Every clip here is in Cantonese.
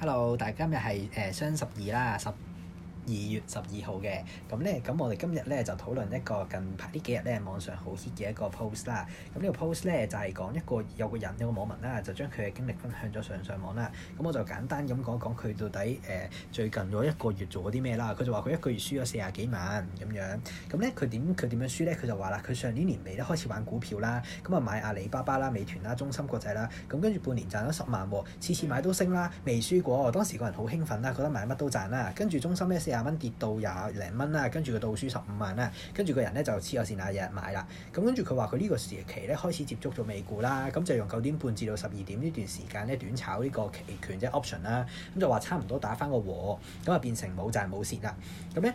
Hello，大家今日係、呃、雙十二啦，十二月十二號嘅，咁呢咁我哋今日呢就討論一個近排幾天呢幾日呢網上好 hit 嘅一個 post 啦。咁呢個 post 呢，就係、是、講一個有個人，有個網民啦，就將佢嘅經歷分享咗上上網啦。咁我就簡單咁講一講佢到底誒、呃、最近嗰一個月做咗啲咩啦。佢就話佢一個月輸咗四十幾萬咁樣。咁呢，佢點佢點樣輸呢？佢就話啦，佢上年年尾咧開始玩股票啦，咁啊買阿里巴巴啦、美團啦、中芯國際啦，咁跟住半年賺咗十萬、哦，次次買都升啦，未輸過。當時個人好興奮啦，覺得買乜都賺啦。跟住中芯咧四十廿蚊跌到廿零蚊啦，跟住佢倒輸十五萬啦，跟住個人咧就黐咗線啦，日日買啦，咁跟住佢話佢呢個時期咧開始接觸咗美股啦，咁就用九點半至到十二點呢段時間咧短炒呢個期權啫 option 啦，咁就話差唔多打翻個和，咁啊變成冇賺冇蝕啦，咁咧。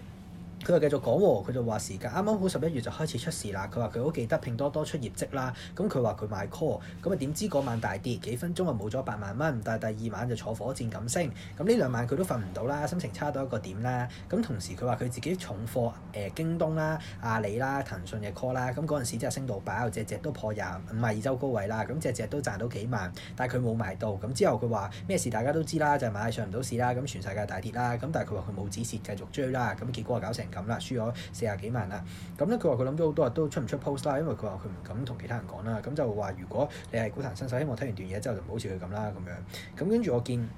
佢又繼續講，佢就話時間啱啱好十一月就開始出事啦。佢話佢好記得拼多多出業績啦，咁佢話佢買 call，咁啊點知嗰晚大跌，幾分鐘啊冇咗八萬蚊。但係第二晚就坐火箭咁升，咁呢兩晚佢都瞓唔到啦，心情差到一個點啦。咁同時佢話佢自己重貨誒、呃、京東啦、阿里啦、騰訊嘅 call 啦，咁嗰陣時真係升到爆，只只都破廿，五，五十二周高位啦，咁只只都賺到幾萬。但係佢冇賣到，咁之後佢話咩事大家都知啦，就係、是、買上唔到市啦，咁全世界大跌啦，咁但係佢話佢冇止蝕，繼續追啦，咁結果搞成。咁啦，輸咗四十幾萬啦。咁咧，佢話佢諗咗好多日都出唔出 post 啦，因為佢話佢唔敢同其他人講啦。咁就話如果你係股壇新手，希望睇完段嘢之後就唔好似佢咁啦咁樣。咁跟住我見。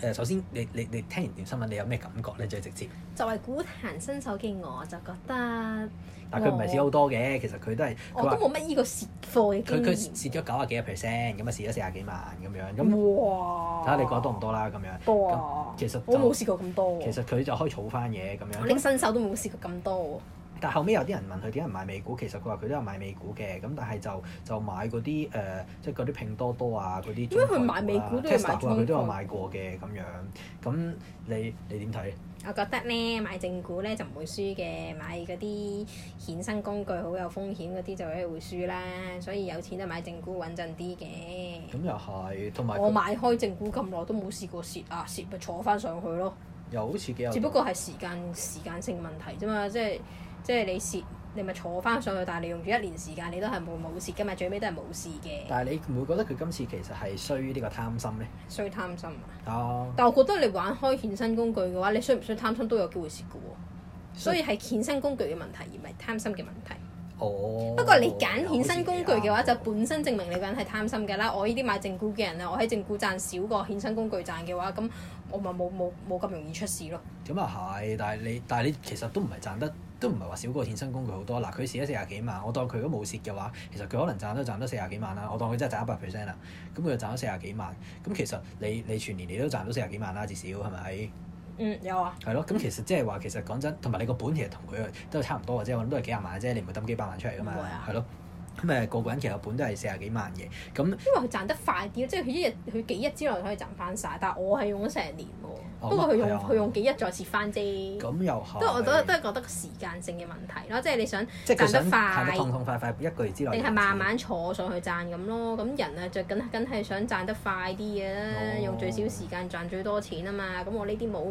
誒，首先你你你聽完段新聞，你有咩感覺咧？最直接。作為股壇新手嘅我，就覺得。但佢唔係蝕好多嘅，其實佢都係。我、哦、都冇乜依個蝕貨嘅經驗。佢佢蝕咗九啊幾啊 percent，咁啊蝕咗四十幾萬咁樣。哇！睇下你講多唔多啦咁樣。多，其多。其實。我都冇試過咁多。其實佢就可以儲翻嘢咁樣。我連新手都冇試過咁多。但後尾有啲人問佢點解唔買美股，其實佢話佢都有買美股嘅，咁，但係就就買嗰啲誒，即係嗰啲拼多多啊嗰啲。點解佢買美股都係買中概股？佢都有買過嘅咁樣。咁你你點睇？我覺得咧買正股咧就唔會輸嘅，買嗰啲衍生工具好有風險嗰啲就可能會輸啦。所以有錢咧買正股穩陣啲嘅。咁又係，同埋我買開正股咁耐都冇試過蝕啊，蝕咪坐翻上去咯。又好似幾有？只不過係時間時間性問題啫嘛，即係。即係你蝕，你咪坐翻上去。但係你用咗一年時間，你都係冇冇蝕嘅嘛？最尾都係冇事嘅。但係你唔會覺得佢今次其實係衰呢個貪心咧？衰貪心啊！Oh. 但我覺得你玩開衍生工具嘅話，你衰唔衰貪心都有機會蝕嘅喎。所以係衍生工具嘅問題，而唔係貪心嘅問題。哦、oh. 不過你揀衍生工具嘅話，oh. 就本身證明你個人係貪心嘅啦。我呢啲買正股嘅人咧，我喺正股賺少過衍生工具賺嘅話，咁我咪冇冇冇咁容易出事咯。咁啊係，但係你但係你其實都唔係賺得。都唔係話少過衍生工具好多嗱，佢蝕咗四廿幾萬，我當佢如果冇蝕嘅話，其實佢可能賺都賺多四廿幾萬啦，我當佢真係賺一百 percent 啦，咁佢就賺咗四廿幾萬，咁其實你你全年你都賺到四廿幾萬啦，至少係咪？嗯，有啊。係咯，咁其實即係話其實講真，同埋你個本其實同佢都差唔多嘅啫，我諗都係幾廿萬啫，你唔會抌幾百萬出嚟㗎嘛，係、啊、咯。咁誒個個人其實本都係四十幾萬嘅，咁因為佢賺得快啲，即係佢一日佢幾日之內可以賺翻晒。但係我係用咗成年喎、哦，不過佢用佢、啊、用幾日再蝕翻啫。咁又係，都我都都覺得個時間性嘅問題咯，即係你想即賺得快，痛痛快快一個月之內，定係慢慢坐上去賺咁咯。咁人啊就梗梗係想賺得快啲嘅、哦，用最少時間賺最多錢啊嘛。咁我呢啲冇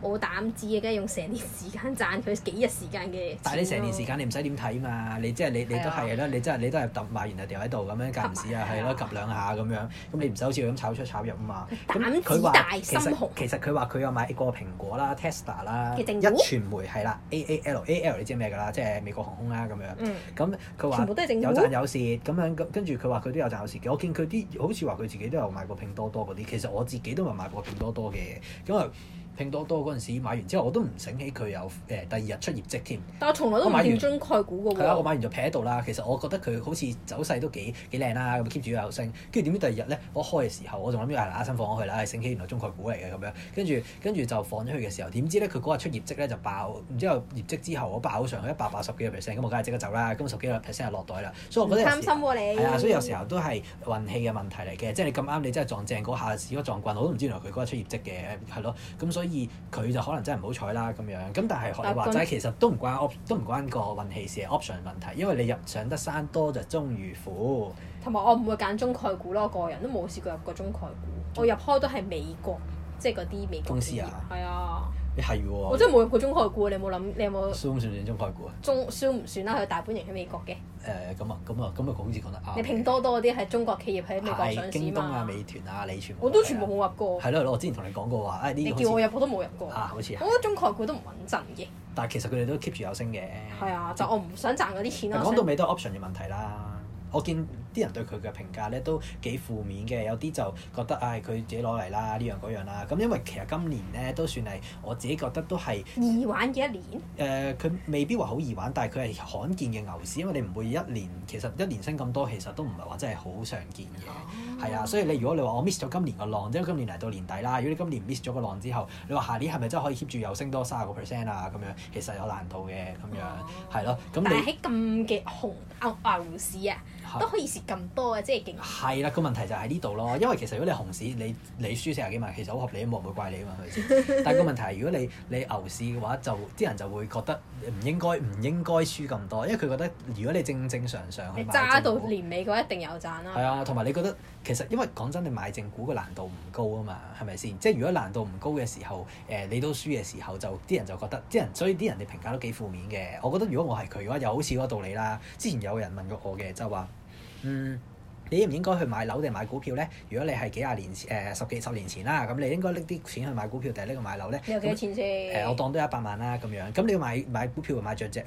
冇膽子嘅，梗係用成年時間賺佢幾日時間嘅。但係呢成年時間你唔使點睇嘛，你即係你你，你都係啦、啊，你真係都係揼埋，然後掉喺度咁樣，隔唔時啊，係咯，揼兩下咁樣。咁你唔使好似佢咁炒出炒入啊嘛。佢話大其實其實佢話佢有買過蘋果啦、Tesla 啦、一傳媒係啦、A A L A L 你知咩㗎啦，即係美國航空啦咁樣。咁佢話有賺有蝕咁樣，跟住佢話佢都有賺有蝕嘅。我見佢啲好似話佢自己都有買過拼多多嗰啲。其實我自己都有買過拼多多嘅。咁啊。拼多多嗰陣時買完之後，我都唔醒起佢有誒、欸、第二日出業績添。但係從來都唔認中概股嘅喎、哦。啊，我買完就撇喺度啦。其實我覺得佢好似走勢都幾幾靚啦，咁 keep 住有升。跟住點知第二日咧，我一開嘅時候，我仲諗住係嗱新放咗去啦，係醒起原來中概股嚟嘅咁樣。跟住跟住就放咗去嘅時候，點知咧佢嗰日出業績咧就爆。然之後業績之後我爆咗上去一百八十幾個 percent，咁我梗係即刻走啦。咁十幾個 percent 就落袋啦。所以我覺得擔心喎、啊、你。係啊，所以有時候都係運氣嘅問題嚟嘅。即係你咁啱，你真係撞正嗰下市嗰撞棍，我都唔知原來佢嗰日出業績嘅係咯。咁所以。而佢就可能真係唔好彩啦咁樣，咁但係學你話齋，其實都唔關都唔關個運氣事 option 問題，因為你入上得山多就終遇虎。同埋我唔會揀中概股咯，我個人都冇試過入過中概股，我入開都係美國。即係嗰啲美國公司啊，係啊，係、欸、喎，我真係冇入過中概股，你有冇諗？你有冇？算算中概股啊？中算唔算啦？佢大本營喺美國嘅。誒咁啊咁啊咁啊，講住講得。啊、你拼多多嗰啲係中國企業喺美國上市嘛？係京東啊、美團啊、你全部。我都全部冇入過。係咯，我之前同你講過話，呢、哎、你叫我入我都冇入過。啊、好似我覺得中概股都唔穩陣嘅。但係其實佢哋都 keep 住有升嘅。係啊，就我唔想賺嗰啲錢咯。講、嗯、到尾都 option 嘅問題啦，我見。啲人對佢嘅評價咧都幾負面嘅，有啲就覺得啊，佢、哎、自己攞嚟啦呢樣嗰樣啦。咁因為其實今年咧都算係我自己覺得都係易玩嘅一年。誒、呃，佢未必話好易玩，但係佢係罕見嘅牛市，因為你唔會一年其實一年升咁多，其實都唔係話真係好常見嘅。係、哦、啊，所以你如果你話我 miss 咗今年個浪，因為今年嚟到年底啦，如果你今年 miss 咗個浪之後，你話下年係咪真係可以 keep 住又升多三十個 percent 啊咁樣，其實有難度嘅咁樣，係、哦、咯、啊。但係喺咁嘅紅牛牛市啊，都可以。咁多啊！即係係啦。個問題就喺呢度咯，因為其實如果你熊市，你你輸四十幾萬，其實好合理，冇人會怪你啊嘛。係咪先？但係個問題係，如果你你牛市嘅話，就啲人就會覺得唔應該，唔應該輸咁多，因為佢覺得如果你正正常常你揸到年尾嘅話，一定有賺啦。係啊，同埋你覺得其實因為講真，你買正股嘅難度唔高啊嘛，係咪先？即係如果難度唔高嘅時候，誒、呃、你都輸嘅時候就，就啲人就覺得啲人，所以啲人哋評價都幾負面嘅。我覺得如果我係佢嘅話，又好似嗰個道理啦。之前有人問過我嘅，就話、是。嗯。你應唔應該去買樓定買股票咧？如果你係幾廿年前、呃、十幾十年前啦、啊，咁你應該搦啲錢去買股票定係拎去買樓咧？你有幾多錢先？誒、呃，我當都一百萬啦咁樣。咁你要買,買股票，買着隻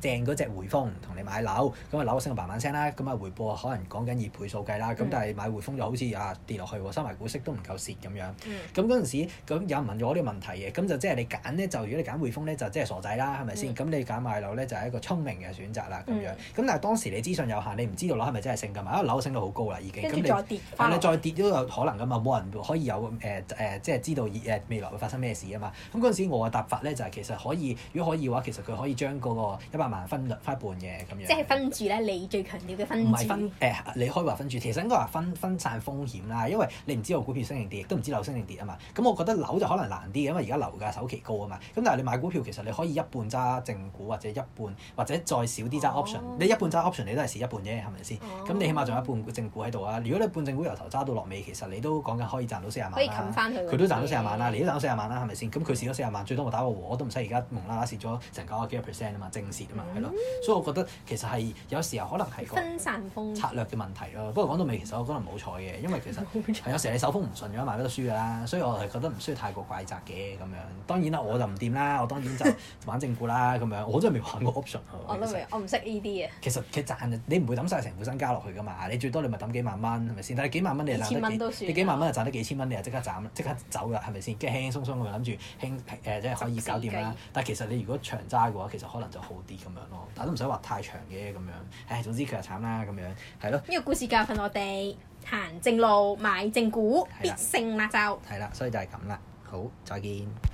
正嗰隻匯豐同你買樓。咁啊樓升啊慢慢升啦。咁啊回報可能講緊二倍數計啦。咁但係買匯豐就好似、嗯、啊跌落去喎，收埋股息都唔夠蝕咁樣。咁嗰陣時，咁有人問咗我啲問題嘅，咁就即係你揀咧，就如果你揀匯豐咧，就即係傻仔啦，係咪先？咁、嗯、你揀買樓咧，就係、是、一個聰明嘅選擇啦，咁樣。咁、嗯、但係當時你資訊有限，你唔知道樓係咪真係升㗎嘛？因為樓升到好高啦，已經咁你、啊，你再跌都有可能噶嘛，冇、啊、人可以有、呃呃、即係知道未來會發生咩事啊嘛。咁嗰陣時，我嘅答法咧就係、是、其實可以，如果可以嘅話，其實佢可以將嗰個一百萬分分一半嘅咁樣即係分住呢，你最強調嘅分唔係分、呃、你可以話分住，其實應該話分分散風險啦。因為你唔知道股票升定跌，都唔知樓升定跌啊嘛。咁我覺得樓就可能難啲，因為而家樓價首期高啊嘛。咁但係你買股票其實你可以一半揸正股，或者一半或者再少啲揸 option。你一半揸 option，你都係蝕一半啫，係咪先？咁、哦、你起碼仲有一半。半個正股喺度啊！如果你半正股由頭揸到落尾，其實你都講緊可以賺到四十萬了。可以冚翻佢。佢都賺到四十萬啦，你都賺到四十萬啦，係咪先？咁佢蝕咗四十萬，最多我打個和我都唔使。而家蒙啦啦蝕咗成九啊幾 percent 啊嘛，正蝕啊嘛，係、嗯、咯。所以我覺得其實係有時候可能係分散策略嘅問題咯。不過講到尾其實我可能唔好彩嘅，因為其實有時候你手風唔順咗買得都輸㗎啦。所以我係覺得唔需要太過怪責嘅咁樣。當然啦，我就唔掂啦，我當然就玩正股啦咁樣。我真係未玩過 option。我都未，我唔識呢啲嘅。其實佢實,其實你賺你唔會抌晒成副身家落去㗎嘛，最多你咪抌幾萬蚊，係咪先？但係幾萬蚊你賺得幾，幾千？你幾萬蚊啊賺得幾千蚊，你啊即刻斬，即刻走啦，係咪先？跟輕輕鬆鬆咁啊諗住輕誒，即、呃、係可以搞掂啦。但係其實你如果長揸嘅話，其實可能就好啲咁樣咯。但係都唔使話太長嘅咁樣。唉，總之佢又慘啦咁樣，係咯。呢、呢個故事教訓我哋，行正路買正股必勝啦！就係啦，所以就係咁啦。好，再見。